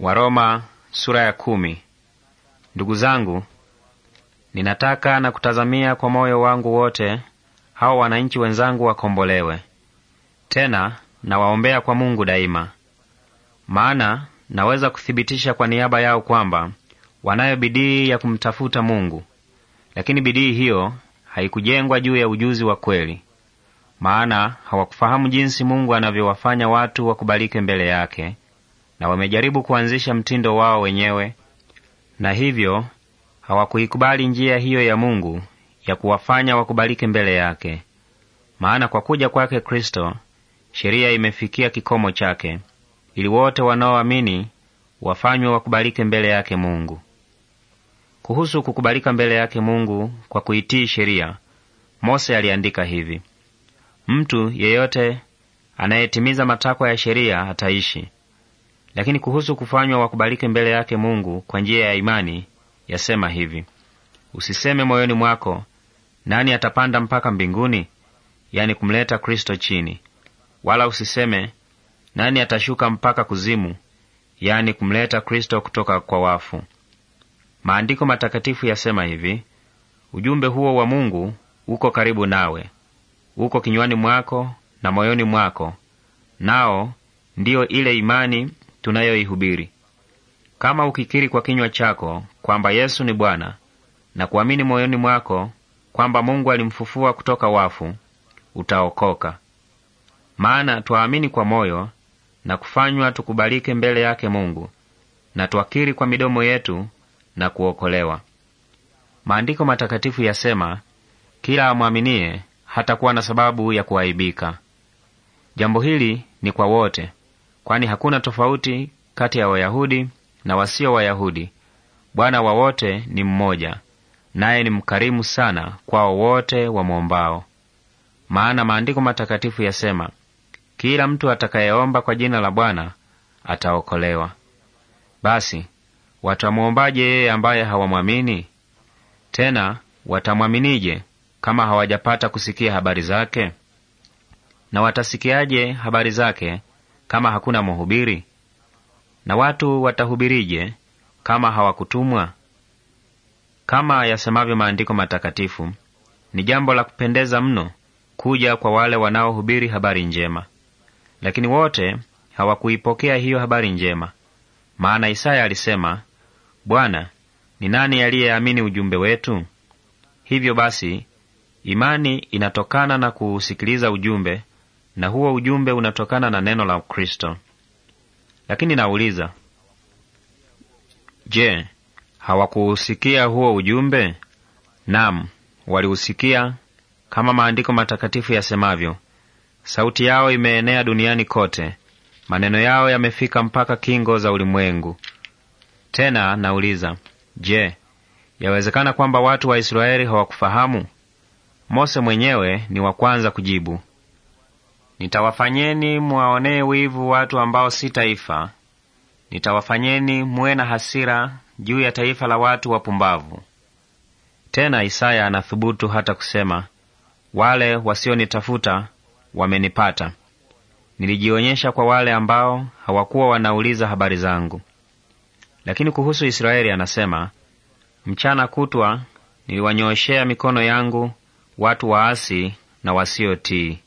Waroma sura ya kumi. Ndugu zangu, ninataka na kutazamia kwa moyo wangu wote hao wananchi wenzangu wakombolewe. Tena nawaombea kwa Mungu daima, maana naweza kuthibitisha kwa niaba yao kwamba wanayo bidii ya kumtafuta Mungu, lakini bidii hiyo haikujengwa juu ya ujuzi wa kweli, maana hawakufahamu jinsi Mungu anavyowafanya watu wakubalike mbele yake na wamejaribu kuanzisha mtindo wao wenyewe, na hivyo hawakuikubali njia hiyo ya Mungu ya kuwafanya wakubalike mbele yake. Maana kwa kuja kwake Kristo sheria imefikia kikomo chake, ili wote wanaoamini wafanywe wakubalike mbele yake Mungu. Kuhusu kukubalika mbele yake Mungu kwa kuitii sheria, Mose aliandika hivi: mtu yeyote anayetimiza matakwa ya sheria hataishi. Lakini kuhusu kufanywa wakubalike mbele yake Mungu kwa njia ya imani, yasema hivi: usiseme moyoni mwako, nani atapanda mpaka mbinguni, yani kumleta Kristo chini, wala usiseme nani atashuka mpaka kuzimu, yani kumleta Kristo kutoka kwa wafu. Maandiko matakatifu yasema hivi: ujumbe huo wa Mungu uko karibu nawe, uko kinywani mwako na moyoni mwako, nao ndiyo ile imani tunayoihubiri. Kama ukikiri kwa kinywa chako kwamba Yesu ni Bwana na kuamini moyoni mwako kwamba Mungu alimfufua kutoka wafu, utaokoka. Maana twaamini kwa moyo na kufanywa tukubalike mbele yake Mungu, na twakiri kwa midomo yetu na kuokolewa. Maandiko matakatifu yasema, kila amwaminie hatakuwa na sababu ya kuaibika. Jambo hili ni kwa wote, kwani hakuna tofauti kati ya Wayahudi na wasio Wayahudi. Bwana wa wote ni mmoja, naye ni mkarimu sana kwao wote wamwombao. Maana maandiko matakatifu yasema, kila mtu atakayeomba kwa jina la Bwana ataokolewa. Basi watamwombaje yeye ambaye hawamwamini? Tena watamwaminije kama hawajapata kusikia habari zake? Na watasikiaje habari zake kama hakuna mhubiri? Na watu watahubirije kama hawakutumwa? Kama yasemavyo maandiko matakatifu, ni jambo la kupendeza mno kuja kwa wale wanaohubiri habari njema, lakini wote hawakuipokea hiyo habari njema. Maana Isaya alisema, Bwana, ni nani aliyeamini ujumbe wetu? Hivyo basi imani inatokana na kuusikiliza ujumbe, na huo ujumbe unatokana na neno la Kristo. Lakini nauliza, je, hawakuusikia huo ujumbe? Naam, waliusikia kama maandiko matakatifu yasemavyo, sauti yao imeenea duniani kote, maneno yao yamefika mpaka kingo za ulimwengu. Tena nauliza, je, yawezekana kwamba watu wa Israeli hawakufahamu? Mose mwenyewe ni wa kwanza kujibu, Nitawafanyeni mwaonee wivu watu ambao si taifa, nitawafanyeni muwe na hasira juu ya taifa la watu wapumbavu. Tena Isaya anathubutu hata kusema, wale wasionitafuta wamenipata, nilijionyesha kwa wale ambao hawakuwa wanauliza habari zangu. Lakini kuhusu Israeli anasema, mchana kutwa niliwanyooshea mikono yangu watu waasi na wasiotii.